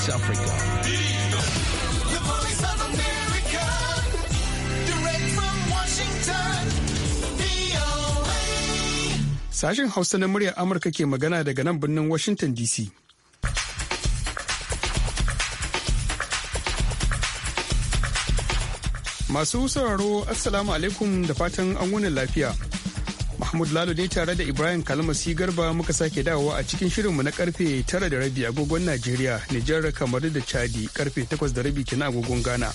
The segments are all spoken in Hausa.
Voice Africa. The Voice of America, direct from Washington. Sashen Hausa na muryar Amurka ke magana daga nan birnin Washington DC. Masu sauraro, Assalamu alaikum da fatan an wunin lafiya. Mahmud Lalo ne tare da Ibrahim Kalmasi Garba muka sake dawowa a cikin shirinmu na karfe tara da rabi agogon Najeriya, Nijar kamar da Chadi karfe 8:30 rabi kina agogon Ghana.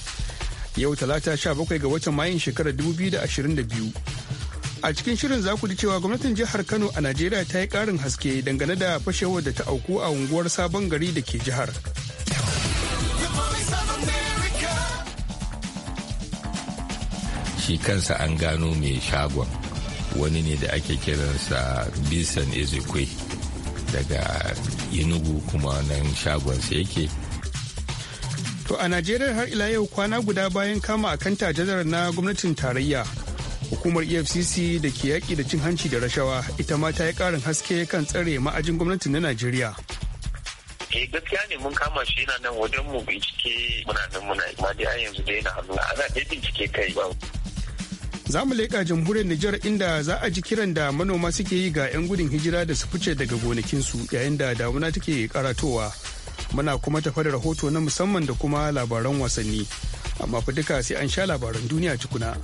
Yau talata 17 ga watan Mayun shekarar 2022 A cikin shirin za ku ji cewa gwamnatin jihar Kano a Najeriya ta yi karin haske dangane da fashewar da ta auku a unguwar Sabon Gari da ke jihar. Shi kansa an gano mai shagon. wani ne da ake kiransa bisan ezekwe daga inugu kuma nan shagonsa yake to a najeriya har ila yau kwana guda bayan kama a tajadar na gwamnatin tarayya hukumar efcc da ke yaƙi da cin hanci da rashawa ita ma ta yi ƙarin haske kan tsare ma'ajin gwamnati na najeriya eh gaskiya ne mun kama shi yana nan wajen mu bincike muna nan muna ma dai yanzu da yana hannu ana dai bincike kai ba za mu leƙa jamhuriyar Nijar inda za a ji kiran da manoma suke yi ga 'yan gudun hijira da su fice daga gonakinsu yayin da damuna take karatowa. Muna kuma tafa da rahoto na musamman da kuma labaran wasanni. Amma fa duka sai an sha labaran duniya tukuna.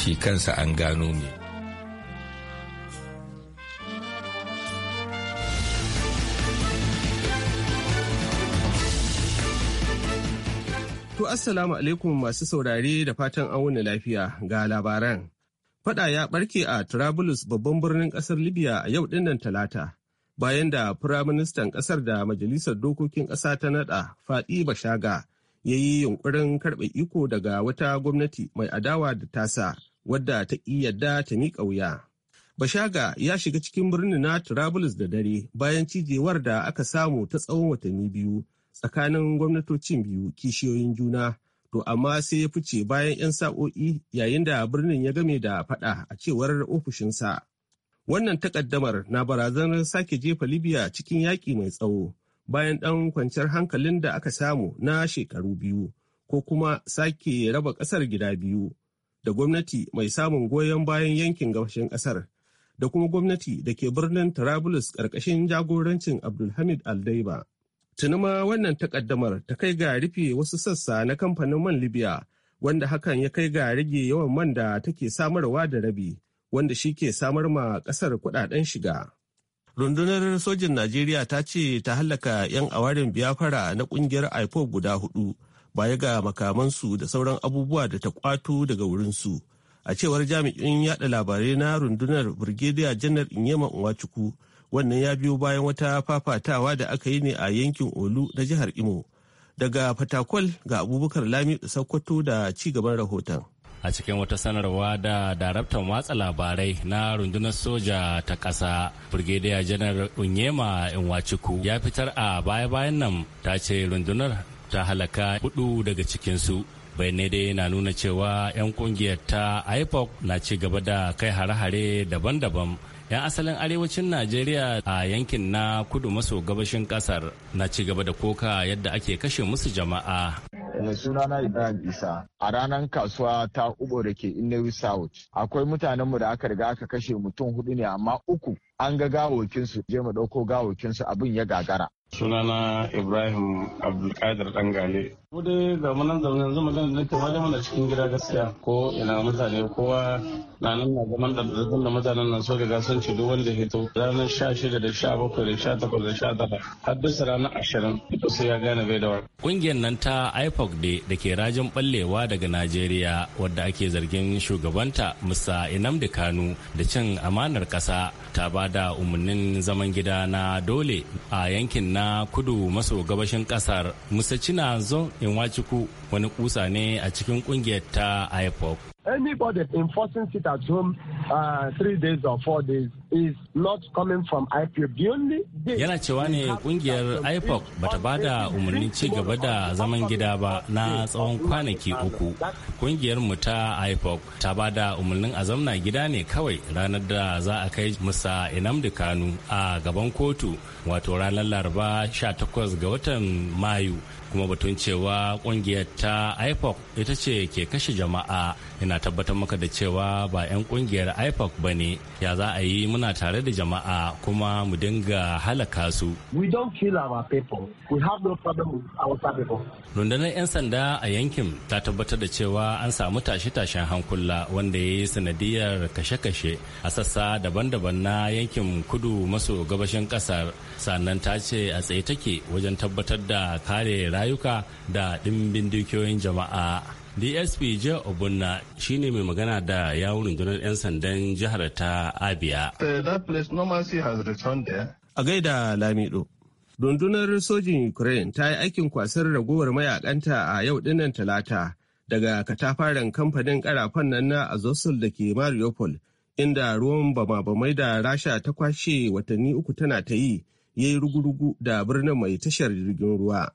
shi kansa an gano ne To assalamu alaikum masu saurare da fatan an wuni lafiya ga labaran. Fada ya barke a Trablus babban birnin kasar Libya a yau dinnan talata bayan da firaministan ƙasar da majalisar dokokin Ƙasa ta naɗa, Fadi Bashaga ya yi yunkurin karɓe iko daga wata gwamnati mai adawa da tasa wadda ta yadda ta miƙa wuya. Bashaga ya shiga cikin birnin na Trablus da dare bayan cijewar da aka samu ta tsawon watanni biyu tsakanin gwamnatocin biyu kishiyoyin juna to amma sai ya fice bayan 'yan sa'o'i yayin da birnin ya game da fada a cewar ofishinsa. Wannan takaddamar na barazanar sake jefa Libya cikin yaƙi mai tsawo bayan ɗan kwanciyar hankalin da aka samu na shekaru biyu ko kuma sake raba ƙasar gida biyu da gwamnati mai samun goyon bayan yankin gabashin ƙasar da kuma gwamnati da ke birnin Tarabulus ƙarƙashin jagorancin Abdulhamid Aldaiba. Tunuma wannan takaddamar ta kai ga rufe wasu sassa na kamfanin man Libya wanda hakan ya kai ga rage yawan man da take samarwa da rabi wanda shi ke samar ma ƙasar kuɗaɗen shiga. Rundunar sojin Najeriya ta ce ta hallaka 'yan awarin biyafara na ƙungiyar IPOB guda hudu. baya ga makamansu da sauran abubuwa da ta kwato daga wurinsu a cewar jami'in yada labarai na rundunar brigadier janar inyema nwachukwu wannan ya biyo bayan wata fafatawa da aka yi ne a yankin olu na jihar imo daga fatakwal ga abubakar lami sokoto da ci gaban rahoton a cikin wata sanarwa da daraktan watsa labarai na rundunar soja ta ƙasa brigadier janar unyema Nwachukwu ya fitar a baya-bayan nan ta ce rundunar ta halaka hudu daga cikinsu bayanai dai na nuna cewa 'yan kungiyar ta ipoc na ci gaba da kai hare-hare daban-daban 'yan asalin arewacin najeriya a yankin na kudu maso gabashin kasar na ci gaba da koka yadda ake kashe musu jama'a mai eh, sunana Ibrahim Isa a ranar kasuwa ta Ubo da ke Inewi South akwai mutanenmu da aka riga aka kashe mutum hudu ne amma uku an ga gawokinsu je mu ɗauko gawokinsu abin ya gagara sunana ibrahim abdulkadir dangale mu dai ga munan zaune yanzu magana da ta da mana cikin gida gaskiya ko ina mutane kowa na nan na zaman da zazzan da mutanen nan so riga sun ci duk wanda hito ranar sha shida da sha bakwai da sha takwas da sha tara har bisa ranar ashirin sai ya gane bai da wani. kungiyar nan ta ipoc da ke rajin ballewa daga najeriya wadda ake zargin shugabanta musa inamdi kanu da cin amanar kasa ta ba da umarnin zaman gida na dole a yankin na na kudu maso gabashin kasar musa in inwachiku wani kusa ne a cikin kungiyar ta ipop anybody enforcing sit at home uh, three days or four days Yana cewa ne kungiyar IPOC bata ba da umarnin ci gaba da zaman gida ba na tsawon kwanaki uku. Kungiyar mu ta IPOC ta ba da umarnin a zamna gida ne kawai ranar da za a kai musa Inamdi Kanu a gaban kotu wato ranar Laraba 18 ga watan Mayu. kuma batun cewa kungiyar ta ipoc ita ce ke kashe jama'a ina tabbatar maka da cewa ba 'yan kungiyar ipoc ba ne ya za a yi muna tare da jama'a kuma mu dinga halaka su rundunar 'yan sanda a yankin ta tabbatar da cewa an samu tashe-tashen hankula wanda ya yi sanadiyar kashe-kashe a sassa daban-daban na yankin kudu maso gabashin kasar sannan ta ce a tsaye take wajen tabbatar da kare rayuka da ɗimbin dukiyoyin jama'a dsp je obunna shine mai magana da wurin rundunar 'yan sandan jihar ta abia uh, a gaida lamido rundunar sojin ukraine ta yi aikin kwasar ragowar mayakanta a yau dinnan talata daga katafaren kamfanin karafan nan na azosul da ke mariupol inda ruwan bama-bamai da rasha ta kwashe watanni uku tana ta yi ya yi rugu-rugu da birnin mai tashar jirgin ruwa.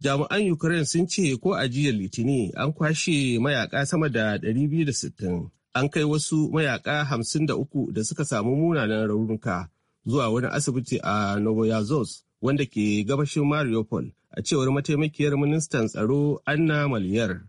jami'an ukraine sun ce ko a jiya litini an kwashe mayaka sama da 260 an kai wasu mayaka 53 da suka samu munanan raunuka zuwa wani asibiti a novoyazos wanda ke gabashin mariupol a cewar mataimakiyar ministan tsaro anna maliyar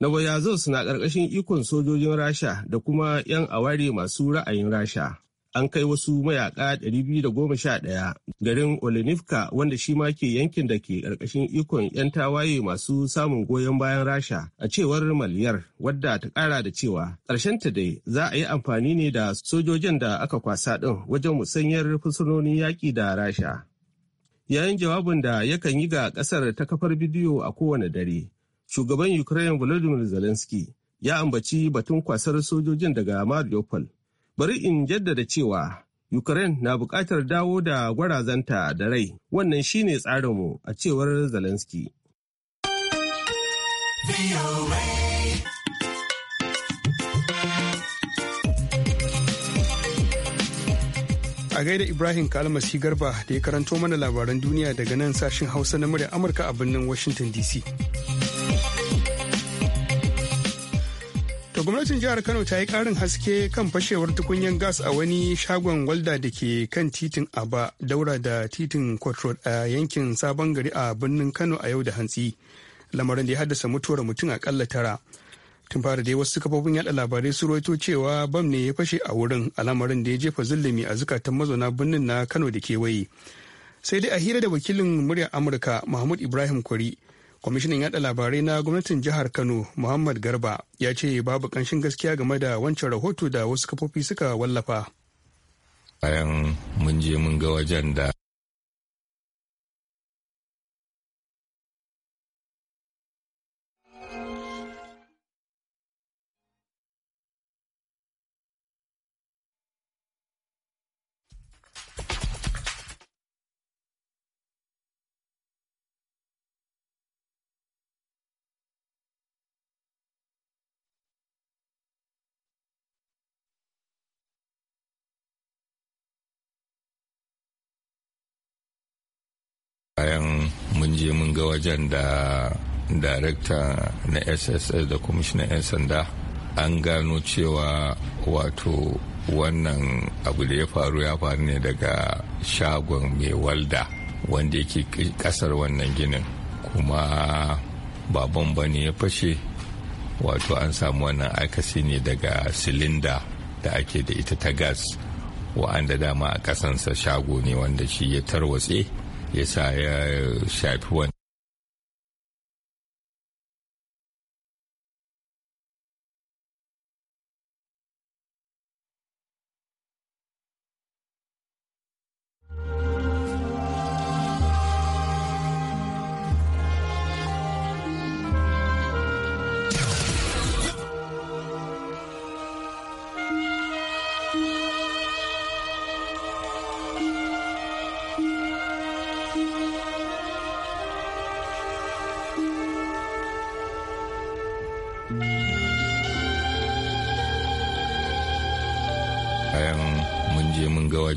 novoyazos na ƙarƙashin ikon sojojin rasha da kuma 'yan aware masu ra'ayin rasha an kai wasu mayaka 211 garin olenivka wanda shi ma ke yankin da ke ƙarƙashin ikon 'yan tawaye masu samun goyon bayan rasha a cewar maliyar wadda ta ƙara da cewa ta dai za a yi amfani ne da sojojin da aka kwasa ɗin wajen musanyar fursunonin yaƙi da rasha yayin jawabin da yakan yi ga ƙasar ta kafar bidiyo a kowane dare shugaban ukraine volodymyr zelensky ya ambaci batun kwasar sojojin daga mariupol Bari in jaddada cewa Ukraine na bukatar dawo da gwarazanta da rai wannan shine tsarinmu a cewar Zelensky. A gaida Ibrahim Kalmasi Garba da ya karanto mana labaran duniya daga nan sashin Hausa na murya Amurka a birnin Washington DC. gwamnatin jihar kano ta yi karin haske kan fashewar tukunyen gas a wani shagon walda da ke kan titin aba daura da titin kwatrod a yankin sabon gari a birnin kano a yau da hantsi lamarin da ya haddasa mutuwar mutum akalla tara tun fara dai wasu kafofin yada labarai su roito cewa bam ne ya fashe a wurin al'amarin da ya jefa zulumi a zukatan mazauna birnin na kano da kewaye sai dai a hira da wakilin muryar amurka mahmud ibrahim kwari kwamishinan yada labarai na gwamnatin jihar kano muhammad garba ya ce babu kanshin gaskiya game da wancan rahoto da wasu kafofi suka wallafa bayan mun je mun ga wajen da bayan mun je mun ga wajen da darekta na sss da kwamishinan 'yan sanda an gano cewa wato wannan abu da ya faru ya faru ne daga shagon mai walda wanda yake kasar wannan ginin kuma baban bane ya fashe wato an samu wannan akasi ne daga silinda da ake da ita ta gas wa'anda dama a kasansa shago ne wanda shi ya tarwatse ya sa ya shafi wani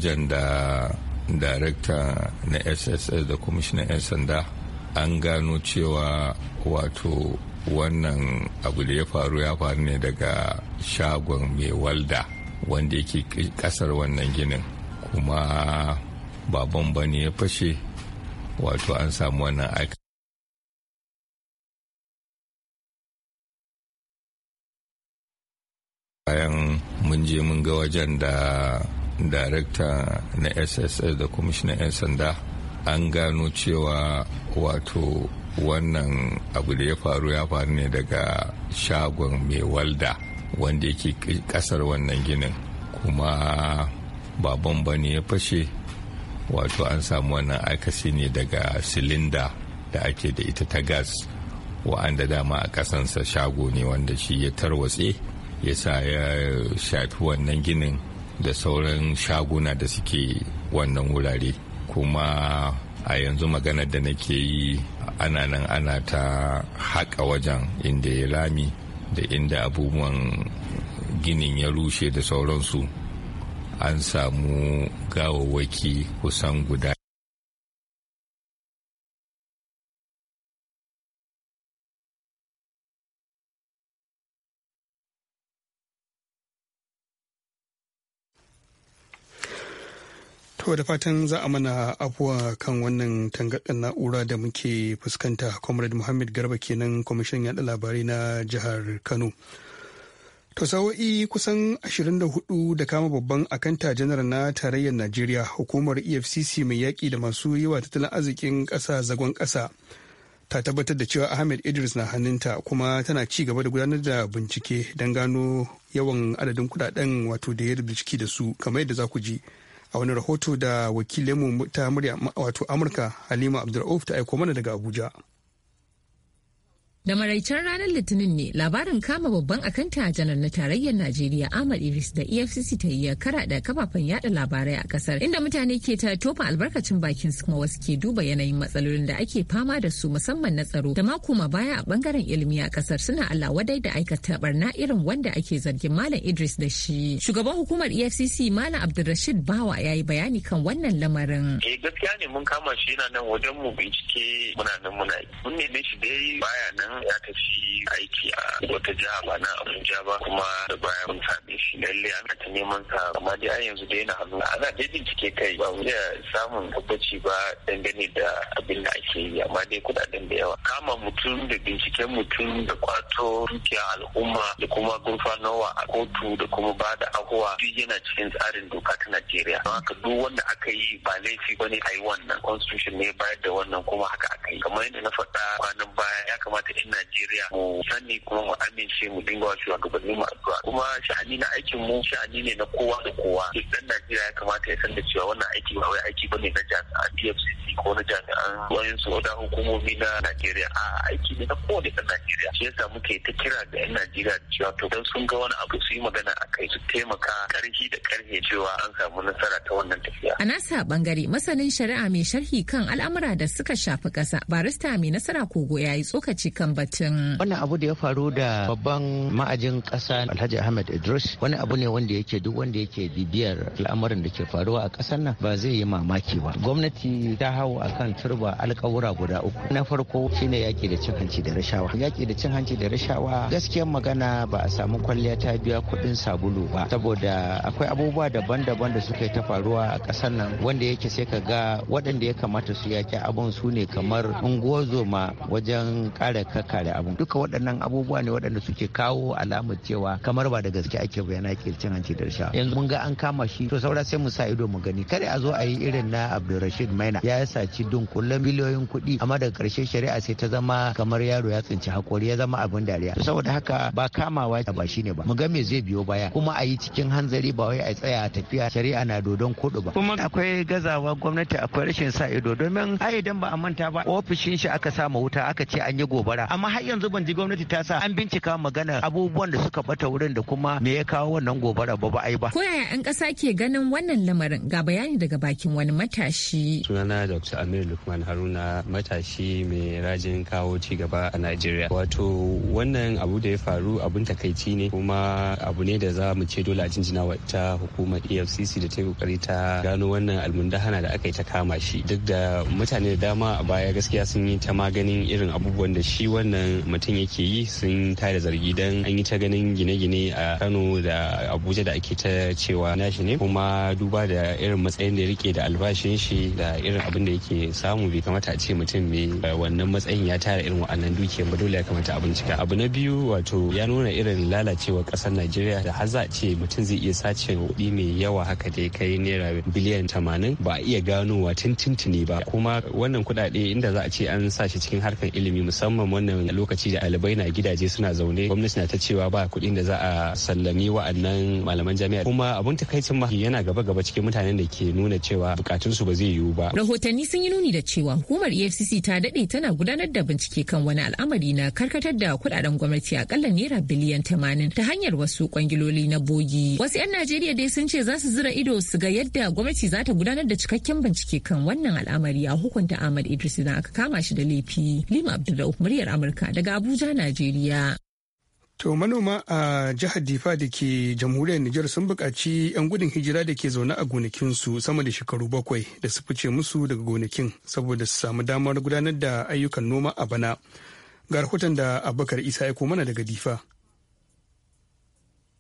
wajen da darekta na sss da kwamishinan 'yan sanda an gano cewa wato wannan abu da ya faru ya faru ne daga shagon mai walda wanda yake kasar wannan ginin kuma baban bane ya fashe wato an samu wannan aika bayan mun je mun ga wajen da darakta na sss da kwamishinan 'yan sanda an gano cewa wato wannan abu da ya faru ya faru ne daga shagon mai walda wanda yake kasar wannan ginin kuma baban ba ne ya fashe wato an samu wannan akasi ne daga silinda da ake da ita ta gas wa'anda dama a kasansa shago ne wanda shi ya tarwatse ya sa ya shafi wannan ginin da sauran shaguna da suke wannan wurare kuma a yanzu magana da nake yi ana nan ana ta haƙa wajen inda ya lami da inda abubuwan ginin ya rushe da sauransu an samu gawawwaki kusan guda To da fatan za a mana afuwa kan wannan tangaɗin na'ura da muke fuskanta Comrade Muhammad Garba kenan kwamishin yaɗa labarai na jihar Kano. To sawa'i kusan 24 da kama babban akanta janar na tarayyar Najeriya hukumar EFCC mai yaƙi da masu yi wa tattalin arzikin ƙasa zagon ƙasa ta tabbatar da cewa Ahmed Idris na hannunta kuma tana ci gaba da gudanar da bincike don gano yawan adadin kudaden wato da ya da su kamar yadda za ku ji. a wani rahoto da wakilinmu ta murya wato amurka halima abdulrauf ta aiko mana daga abuja Da maraicen ranar Litinin ne labarin kama babban akanta janar na tarayyar Najeriya Ahmad Idris da EFCC ta yi kara da kafafen yada labarai a kasar inda mutane ke ta tofa albarkacin bakin su kuma wasu ke duba yanayin matsalolin da ake fama da su musamman na tsaro da makoma baya a bangaren ilimi a kasar suna Allah wadai da aikata barna irin wanda ake zargin Malam Idris da shi. Shugaban hukumar EFCC Malam Abdulrashid Bawa ya yi bayani kan wannan lamarin. Eh gaskiya ne mun kama shi yana nan wajen mu bincike muna nan muna yi. Mun ne shi dai baya nan ya tafi aiki a wata jiha ba na Abuja ba kuma da baya mun shi lalle an ta neman sa amma dai a yanzu dai yana hannu ana dai bincike kai ba wuya samun tabbaci ba dangane da abin da ake yi amma dai kudaden da yawa kama mutum da binciken mutum da kwato dukiya al'umma da kuma gurfanowa a kotu da kuma ba da ahuwa duk yana cikin tsarin doka ta Najeriya don haka duk wanda aka yi ba laifi ba ne a yi wannan constitution ne bayar da wannan kuma haka aka yi kamar yadda na faɗa kwanan baya ya kamata arewacin Najeriya mu sani kuma mu amince mu dinga wa shugabannin mu addu'a kuma sha'ani na aikin mu sha'ani ne na kowa da kowa duk dan Najeriya ya kamata ya san da cewa wannan aiki ba wai aiki bane na jami'an PFCC ko na jami'an wayan su da hukumomi na Najeriya a aiki ne na kowane dan Najeriya shi yasa muke ta kira ga yan Najeriya cewa to dan sun ga wani abu su yi magana a kai su taimaka karfi da karfe cewa an samu nasara ta wannan tafiya a nasa bangare masanin shari'a mai sharhi kan al'amura da suka shafi ƙasa barista mai nasara kogo ya yi tsokaci kan batun. Wannan abu da ya faru da babban ma'ajin ƙasa Alhaji Ahmed Idris wani abu ne wanda yake duk wanda yake bibiyar al'amuran da ke faruwa a ƙasar nan ba zai yi mamaki ba. Gwamnati ta hau akan turba alƙawura guda uku. Na farko shine yaƙi da cin hanci da rashawa. Yaƙi da cin hanci da rashawa gaskiyan magana ba a samu kwalliya ta biya kuɗin sabulu ba saboda akwai abubuwa daban-daban da suka ta faruwa a ƙasar nan wanda yake sai ka ga waɗanda ya kamata su yaƙi abun su ne kamar unguwar zoma wajen ƙara kan kare abu duka waɗannan abubuwa ne waɗanda suke kawo alamar cewa kamar ba da gaske ake bayana ke cin hanci da rashawa yanzu mun ga an kama shi to saura sai mu sa ido mu gani kada a zo a yi irin na Abdulrashid Maina ya saci kullum miliyoyin kuɗi amma daga ƙarshe shari'a sai ta zama kamar yaro ya tsinci hakori ya zama abin dariya saboda haka ba kamawa ba ne ba mu ga me zai biyo baya kuma a yi cikin hanzari ba wai a tsaya a tafiya shari'a na dodon koɗo ba kuma akwai gazawa gwamnati akwai rashin sa ido domin ai idan ba a manta ba ofishin shi aka sa wuta aka ce an yi gobara amma har yanzu ban ji gwamnati ta sa an bincika magana abubuwan da suka bata wurin da kuma me ya kawo wannan gobara ba ba ai ba. Koyaya an kasa ke ganin wannan lamarin ga bayani daga bakin wani matashi. Sunana Dr. Amir Lukman Haruna matashi mai rajin kawo ci gaba a Najeriya. Wato wannan abu da ya faru abun takaici ne kuma abu ne da za mu ce dole a jinjina wa ta hukumar EFCC da ta yi kokari ta gano wannan almundahana da aka yi ta kama shi. Duk da mutane da dama a baya gaskiya sun yi ta maganin irin abubuwan da shi wani wannan mutum yake yi sun tare zargi don an yi ta ganin gine-gine a kano da abuja da ake ta cewa nashi ne kuma duba da irin matsayin da ya rike da albashin shi da irin abin da yake samu bai kamata a ce mutum mai eh, wannan matsayin ya tara irin wa'annan dukiyar ba dole ya kamata a bincika abu na biyu wato ya nuna irin lalacewar kasar najeriya da har za a ce mutum zai iya sace kuɗi mai yawa haka da ya kai naira biliyan tamanin ba a iya ganowa tun tuntuni ba kuma wannan kuɗaɗe inda za a ce an sa shi cikin harkar ilimi musamman wannan wannan lokaci da ɗalibai na gidaje suna zaune gwamnati na ta cewa ba kuɗin da za a sallami wa'annan malaman jami'a kuma abun takaicin ma yana gaba gaba cikin mutanen da ke nuna cewa bukatun su ba zai yiwu ba. Rahotanni sun yi nuni da cewa hukumar EFCC ta dade tana gudanar da bincike kan wani al'amari na karkatar da kuɗaɗen gwamnati a akalla naira biliyan tamanin ta hanyar wasu kwangiloli na bogi. Wasu 'yan Najeriya dai sun ce za su zira ido su ga yadda gwamnati za ta gudanar da cikakken bincike kan wannan al'amari a hukunta Ahmad Idris idan aka kama shi da laifi. Lima Abdulrauf muryar Amurka daga Abuja, Najeriya. To manoma a jihar Difa da ke jamhuriyar Nijar sun buƙaci 'yan gudun hijira da ke zaune a gonakinsu sama da shekaru bakwai da su fice musu daga gonakin saboda su samu damar gudanar da ayyukan noma a bana. Ga rahoton da Abubakar Isa ya mana daga Difa.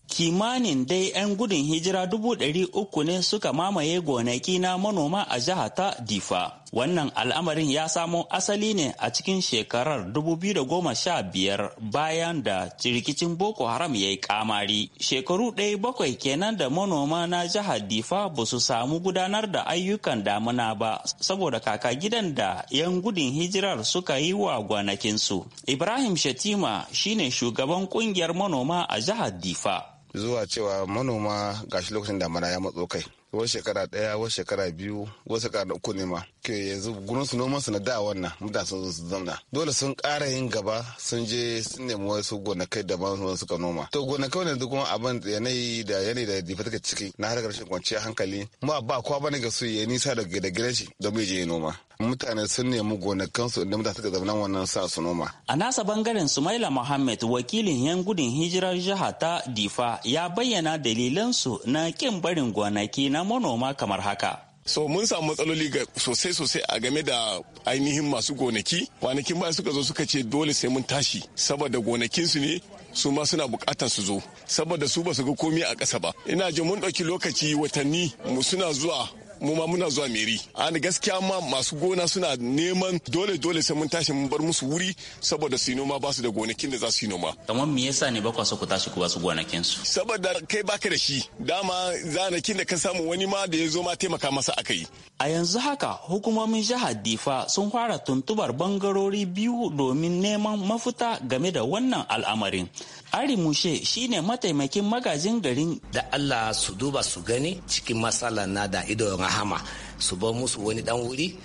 kimanin dai 'yan gudun hijira dubu ɗari uku ne suka mamaye gonaki na manoma a jihar ta difa Wannan al'amarin ya samo asali ne a cikin shekarar 2015 bayan da rikicin Boko Haram ya yi kamari. Shekaru ɗaya bakwai kenan da manoma na jihar Difa ba su samu gudanar da ayyukan damuna ba saboda kaka gidan da 'yan gudun hijirar suka yi wa gwanakinsu. Ibrahim Shatima shine shugaban kungiyar manoma a jihar Difa. Zuwa cewa manoma gashi lokacin damuna ya matso kai. wasu shekara ɗaya wasu shekara biyu wasu shekara uku ne ma ke yanzu gurin su noman su na da wannan mutane sun zo su zamna dole sun ƙara yin gaba sun je sun nemi wasu gonakai ban wasu suka noma to gonakai wanda kuma abin yanayi da yanayi da difa take ciki na har rashin kwanciya hankali ma ba kwa bane ga su ya nisa da gidan shi don bai je noma mutane sun nemi gonakansu inda mutane suka zama wannan sa su noma. A nasa bangaren Sumaila Mohammed wakilin yan gudun hijirar jiha ta Difa ya bayyana dalilansu na kin barin gonaki na manoma kamar haka. so mun samu matsaloli sosai sosai a game da ainihin masu gonaki kwanakin baya suka zo suka ce dole sai mun tashi saboda gonakinsu ne su ma suna bukatar su zo saboda su ba su ga komi a ƙasa ba ina jin mun ɗauki lokaci watanni mu suna zuwa mu ma muna zuwa meri an gaskiya ma masu gona suna neman dole dole sai mun tashi mun bar musu wuri saboda su noma ba su da gonakin da za su yi noma kamar me yasa ne bakwa so ku tashi ku ba su gonakin su saboda kai baka da shi dama zanakin da ka samu wani ma da ya zo ma taimaka masa akai a yanzu haka hukumomin jihar difa sun fara tuntubar bangarori biyu domin neman mafuta game da wannan al'amarin Ari Mushe shine mataimakin magajin garin. Da Allah su duba su gani cikin matsala na da idon rahama su ba musu wani dan wuri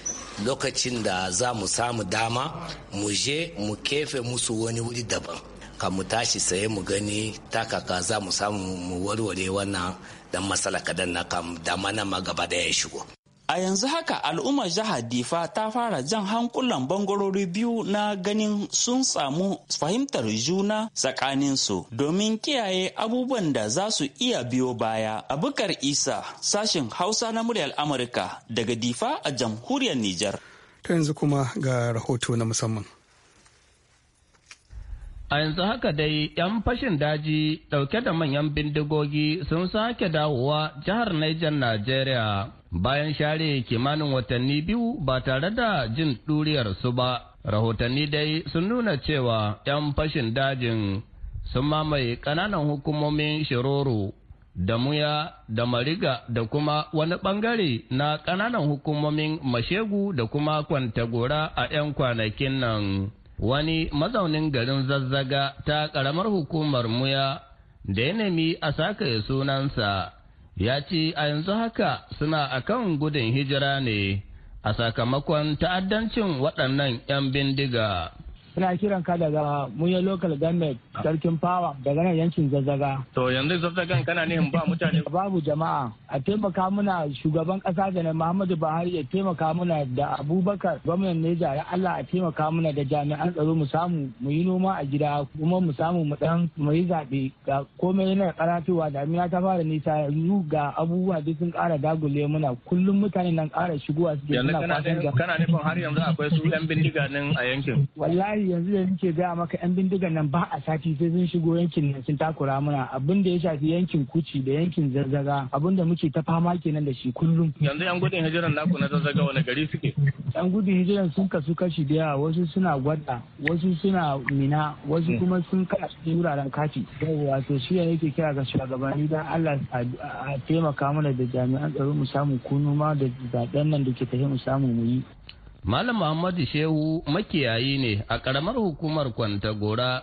lokacin da za mu samu dama mu je mu kefe musu wani wuri daban. Ka mu tashi saye mu gani takaka za mu samu mu warware wannan dan matsala kadan na kam dama na ma gaba da ya shigo. A yanzu haka al'ummar jihar Difa ta fara jan hankulan bangarori biyu na ganin sun samu fahimtar juna tsakaninsu domin kiyaye abubuwan da za su iya biyo baya. Abukar Isa sashen Hausa na muryar Amurka daga Difa a jamhuriyar Nijar. Ta yanzu kuma ga rahoto na musamman. A yanzu haka dai, ‘yan fashin daji ɗauke da manyan bindigogi sun sake dawowa jihar nijar Najeriya bayan share kimanin watanni biyu ba tare da jin ɗuriyarsu ba rahotanni dai sun nuna cewa 'yan fashin dajin sun mamaye ƙananan hukumomin shiroro da muya da mariga da kuma wani bangare na ƙananan hukumomin mashegu da kuma kwantagora a 'yan kwanakin nan wani mazaunin garin zazzaga ta ƙaramar hukumar muya da ya nemi a sakaye sunansa ya ce a yanzu haka suna a kan gudun hijira ne a sakamakon ta'addancin waɗannan 'yan bindiga. Suna kiran ka daga munye local government sarkin fawa daga nan yankin zazzaga. To yanzu zazzagan kana ne ba mutane. Babu jama'a a taimaka muna shugaban kasa da na Muhammadu Buhari ya taimaka muna da Abubakar gwamnan Neja ya Allah a taimaka muna da jami'an tsaro mu samu mu yi noma a gida kuma mu samu mu dan mu yi zaɓe ga komai yana karatuwa da amina ta fara nisa yanzu ga abubuwa duk sun ƙara dagule muna kullum mutane nan ƙara shigowa suke suna fatan ga. Kana nufin har yanzu akwai su 'yan bindiga nan a yankin. Wallahi yanzu da nake gaya maka 'yan bindiga nan ba a sati gwamnati sai sun shigo yankin nan sun takura mana abin da ya shafi yankin kuci da yankin zazzaga abin da muke ta fama kenan da shi kullum yanzu yan gudun hijiran naku na zazzaga wani gari suke yan gudun hijiran sun kasu kashi da yawa wasu suna gwada wasu suna mina wasu kuma sun kada cikin wuraren kati yawwa to shi yake kira ga shugabanni dan Allah a taimaka mana da jami'an tsaro mu samu kunu ma da zaben nan da ke tafi mu samu mu yi Malam Muhammadu Shehu makiyayi ne a ƙaramar hukumar Kwantagora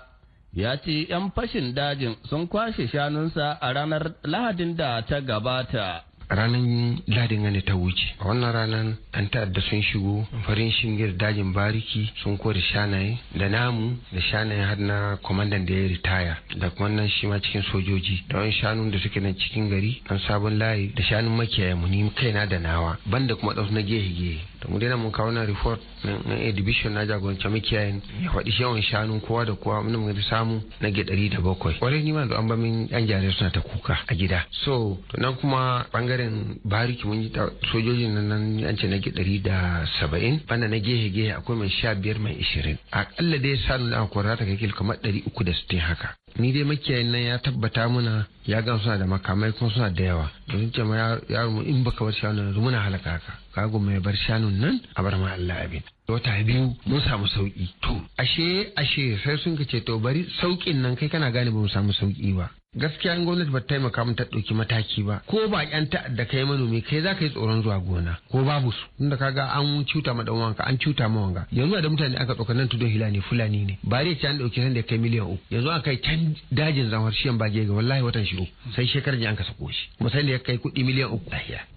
ya ce 'yan fashin dajin sun kwashe shanunsa a ranar lahadin da ta gabata ranar ladin gane ta wuce a wannan ranar an ta'adda sun shigo farin shingir dajin bariki sun kori shanaye da namu da shanaye har na kwamandan da ya ritaya da nan shi ma cikin sojoji da wani shanun da suke nan cikin gari an sabon layi da shanun makiyaya mu ni kaina da nawa banda kuma ɗausu na gehe gehe to mu dai mun kawo na report na division na jagoranci makiyayin ya faɗi yawan shanu kowa da kowa mun mun samu na ge da bakwai kwarai ni ma da an bamin yan jare suna ta kuka a gida so to nan kuma bangaren bariki mun yi sojojin nan nan an ce na ge 170 bana na gehe gehe akwai mai sha biyar mai ishirin akalla dai shanun da aka kwara ta kai kamar ɗari uku da sittin haka ni dai makiyayin nan ya tabbata muna ya gan suna da makamai kuma suna da yawa domin ce ma yaro mu in baka bar shanu yanzu muna halaka ka kago mai bar shanun nan a bar ma Allah abin wata biyu mun samu sauki to ashe ashe sai sun ka ce to bari saukin nan kai kana gane ba mu samu sauki ba gaskiya gwamnati ba taimaka mun ta ɗauki mataki ba ko ba yan ta'adda kai manomi kai za ka yi tsoron zuwa gona ko babu su ka kaga an cuta ma dan wanka an cuta ma wanga yanzu da mutane aka ɗauka nan tudun hilani fulani ne ba dai can an ɗauki san kai miliyan uku yanzu an kai can dajin zamar shiyan bage ga wallahi watan shi uku sai shekaran an ka sako shi kuma sai ya kai kuɗi miliyan uku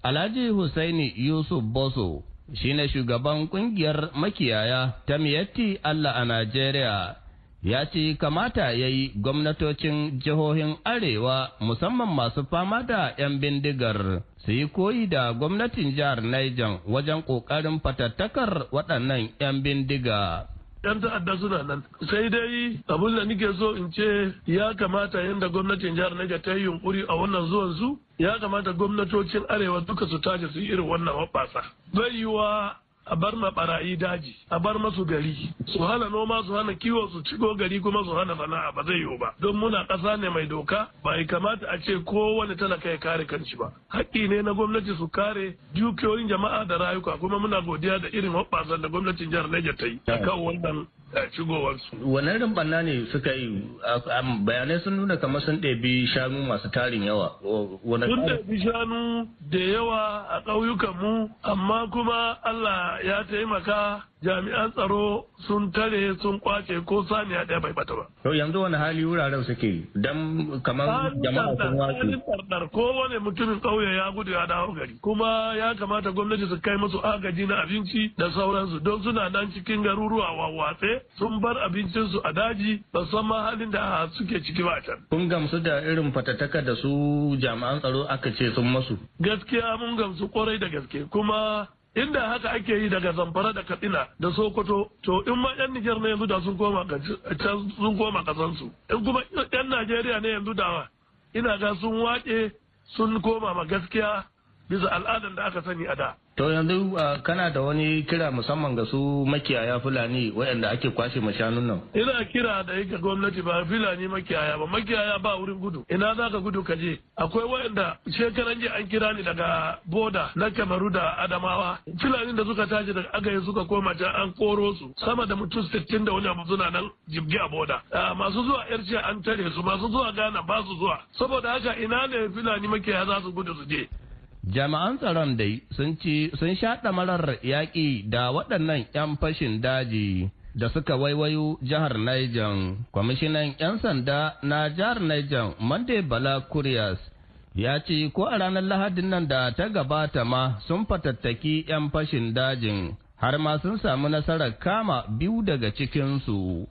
Alhaji Hussaini Yusuf Boso shine shugaban kungiyar makiyaya ta Miyatti Allah a Najeriya ya ce kamata ya yi gwamnatocin jihohin arewa musamman masu fama da 'yan bindigar su yi koyi da gwamnatin jihar Niger wajen ƙoƙarin fatattakar waɗannan 'yan bindiga. 'yan ta'adda suna nan sai dai abin da nike so in ce ya kamata yadda gwamnatin jihar Niger ta yi yunkuri a wannan zuwan su ya kamata gwamnatocin arewa duka su tashi su yi irin wannan hoɓɓasa. Bai yiwa a bar ma barayi daji a bar masu gari su hana noma su hana kiwo su cigo gari kuma su hana sana'a ba zai yiwu ba don muna ƙasa ne mai doka bai kamata a ce kowane talaka ya kare kanci ba haƙƙi ne na gwamnati su kare dukiyoyin jama'a da rayuka kuma muna godiya da irin hoɓɓasan da gwamnatin jihar Niger ta yi kan wannan wannan Wani irin ne suka yi bayanai sun nuna kamar sun ɗebi shanu masu tarin yawa. Sun ɗebi shanu da yawa a ƙauyukanmu amma kuma Allah ya taimaka jami'an tsaro sun tare sun kwace ko saniya ɗaya bai bata ba. To yanzu wani hali wuraren suke dan kamar jama'a sun watsi. Tsardar ko wani mutumin ƙauye ya gudu ya dawo gari kuma ya kamata gwamnati su kai musu agaji na abinci da sauransu don suna nan cikin garuruwa watse sun bar abincinsu a daji ba san ma halin da suke ciki ba can. Kun gamsu da irin fatataka da su jami'an tsaro aka ce sun masu. Gaskiya mun gamsu kwarai da gaske kuma inda haka ake yi daga zamfara da katsina da sokoto to in ma yan nijar ne yanzu da sun koma sun kasansu in kuma yan najeriya ne yanzu da ina ga sun waƙe sun koma ma gaskiya bisa al'adar da aka sani a da To yanzu uh, kana da wani kira musamman ga su makiyaya Fulani waɗanda ake kwashe ma nan. Ina kira da yake gwamnati ba Fulani makiyaya ba makiyaya ba wurin gudu. Ina za ka gudu ka je. Akwai waɗanda shekaran jiya an kira ni daga boda na Kamaru da Adamawa. Fulani da suka tashi daga yi suka koma can an koro su. Sama da mutum sittin da wani abu suna nan jibgi a boda. Uh, masu zuwa Yarciya an tare su masu zuwa Ghana ba su zuwa. Saboda haka ina ne Fulani makiyaya za su gudu su je. Jama'an tsaron dai sun ci sun shaɗa marar yaƙi da waɗannan 'yan fashin daji da suka waiwayo jihar Niger. Kwamishinan 'yan sanda na jihar Niger Monday Bala Kuriyas ya ce ko a ranar Lahadin nan da ta gabata ma sun fatattaki 'yan fashin dajin har ma sun samu nasarar kama biyu daga cikinsu.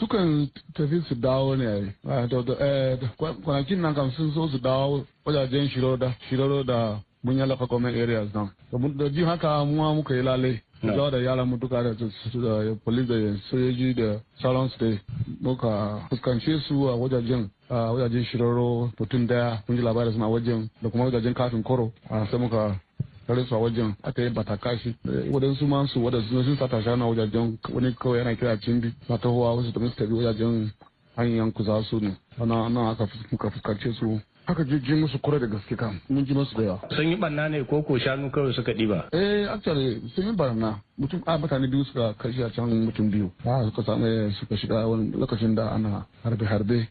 Sukan tafi su dawo ne, eh, eh, kwanakin nan kam sun so su dawo wajajen shiroro da mun yalafa common areas nan da ji haka muwa muka yi lalai da da yara mu duka da police da sojoji da Salon su muka fuskance su a wajajen a wajajen shiraro mutum daya mun ji labarin suna wajen da kuma wajajen kafin koro sai muka kare su a wajen aka yi batakashi eh, waɗansu ma su waɗansu sun sata na wajajen wani kawai yana kira cindi na tahowa wasu da su tafi wajajen hanyar kuzasu ne ana aka fuskance su aka jijji musu kura da gaske kan. mun ji musu da yawa sun yi barna ne ko ko shanu kawai suka diba eh actually sun yi barna mutum a mutane biyu suka kashe a can mutum biyu a suka samu eh, suka shiga wani lokacin da ana harbe harbe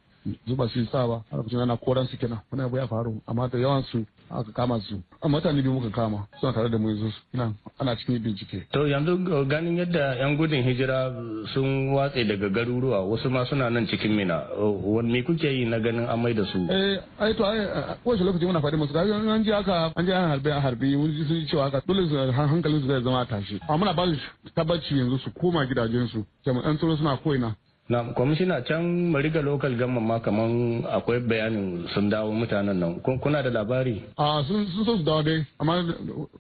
zuba su sa ba har lokacin ana koran su kenan wani abu ya faru amma da yawan su aka kama su a mutane biyu muka kama suna tare da mu yanzu nan ana cikin bincike to yanzu uh, ganin yadda yan gudun hijira sun watse daga garuruwa wasu ma suna nan cikin mina uh, me kuke yi na ganin amai da su eh ai to ai kowace lokaci muna faɗi musu gaji an ji aka an ji an harbi an harbi mun ji sun cewa haka dole su hankalin su zai zama tashi amma muna ba su tabbaci yanzu su koma gidajen su jami'an tsaro suna koina na kwamishina can mariga local gamman ma kaman akwai bayanin sun dawo mutanen nan kuna da labari a sun so su dawo dai amma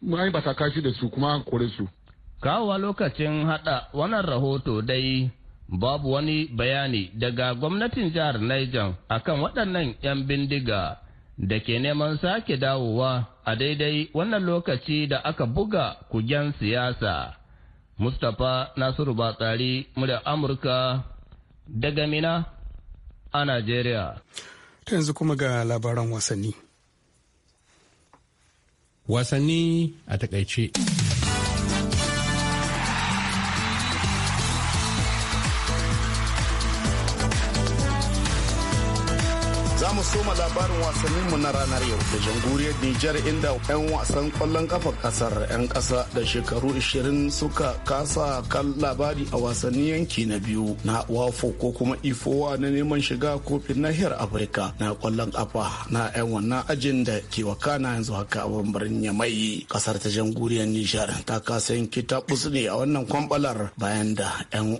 mun ba ta kashi da su kuma kore su kawowa lokacin hada wannan rahoto dai babu wani bayani daga gwamnatin jihar Niger akan waɗannan 'yan bindiga da ke neman sake dawowa a daidai wannan lokaci da aka buga kugen siyasa mustapha nasiru batsari murya amurka daga Mina a Najeriya. Ta yanzu kuma ga labaran wasanni. Wasanni a takaice. wasanninmu na ranar yau da jamhuriyar Nijar inda 'yan wasan kwallon kafa kasar 'yan kasa da shekaru 20 suka kasa kan labari a wasannin yanki na biyu na wafo ko kuma ifowa na neman shiga kofin nahiyar Afirka na kwallon kafa na 'yan wannan ajin da ke wakana yanzu haka a bambarin Yamai. Kasar ta jamhuriyar Nijar ta kasa yanki ta ne a wannan kwambalar bayan da 'yan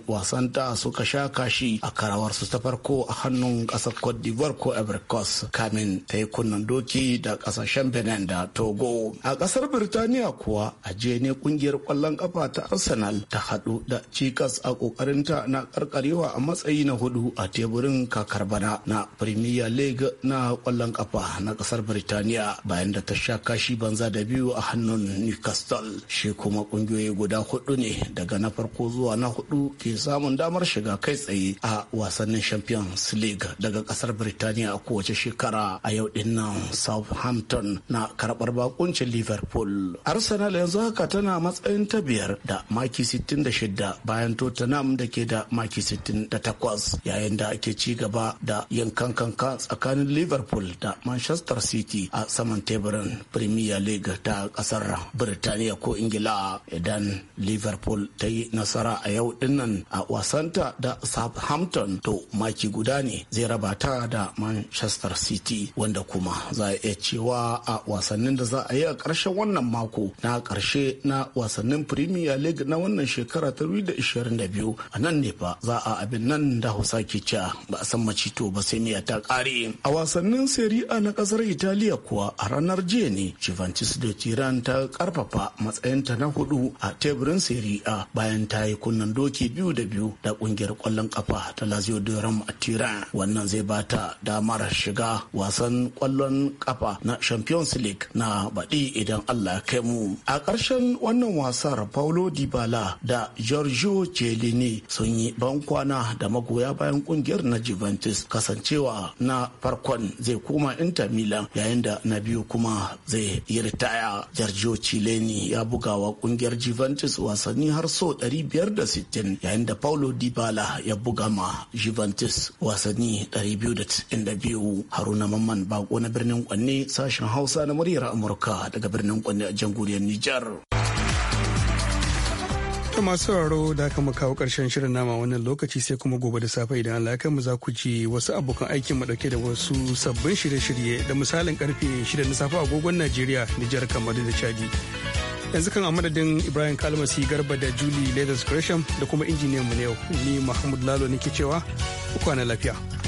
ta suka sha kashi a karawarsu ta farko a hannun kasar Cote d'Ivoire ko Ivory Coast kamin benin ta yi kunnan doki da kasashen benin da togo a kasar birtaniya kuwa a jiya ne kungiyar kwallon kafa ta arsenal ta hadu da cikas a kokarinta na karkarewa a matsayi na hudu a teburin kakar bana na premier league na kwallon kafa na kasar birtaniya bayan da ta sha kashi banza da biyu a hannun newcastle shi kuma kungiyoyi guda hudu ne daga na farko zuwa na hudu ke samun damar shiga kai tsaye a wasannin champions league daga kasar birtaniya a kowace shekara a yau din nan Southampton na karbar bakuncin Liverpool. Arsenal yanzu haka tana matsayin ta biyar da maki 66 bayan Tottenham da ke da maki 68 yayin da ake ci gaba da yin kankanka tsakanin Liverpool da Manchester City a saman teburin Premier League ta kasar Birtaniya ko Ingila idan Liverpool ta yi nasara a yau dinnan a wasanta da Southampton to maki guda ne zai rabata da Manchester City wanda kuma za a iya cewa a wasannin da za a yi a ƙarshen wannan mako na ƙarshe na wasannin Premier League na wannan shekara ta 2022 a nan ne fa za a abin nan da Hausa ke cewa ba a san macito ba sai miya ta ƙare. A wasannin Serie A na ƙasar Italiya kuwa a ranar jiya ne Juventus da Tiran ta ƙarfafa matsayinta na hudu a teburin Serie A bayan ta yi kunnen doki biyu da biyu da ƙungiyar ƙwallon ƙafa ta Lazio Durham a Tiran. Wannan zai bata damar shiga wasa wasan kwallon kafa na champions league na baɗi idan allah ya kai mu a ƙarshen wannan wasar paulo dibala da giorgio celini sun yi ban kwana da magoya bayan kungiyar na juventus kasancewa na farkon zai koma inter milan yayin da na biyu kuma zai yi ritaya giorgio celini ya bugawa kungiyar juventus wasanni har so 560 yayin da paulo dibala ya buga ma juventus wasanni 292 haruna mamman Abdurrahman Bako na birnin Kwanne sashen Hausa na muryar Amurka daga birnin Kwanne a jamhuriyar Nijar. da masu sauraro da aka mu kawo karshen shirin nama wannan lokaci sai kuma gobe da safe idan Allah ya mu za ku ji wasu abokan aikin mu dauke da wasu sabbin shirye-shirye da misalin karfe shida na safe agogon Najeriya, Nijar, kamar da Chadi. yanzu kan a madadin ibrahim kalmasi garba da julie leathers gresham da kuma injiniyan mu yau ni mahmud lalo nake cewa ku kwana lafiya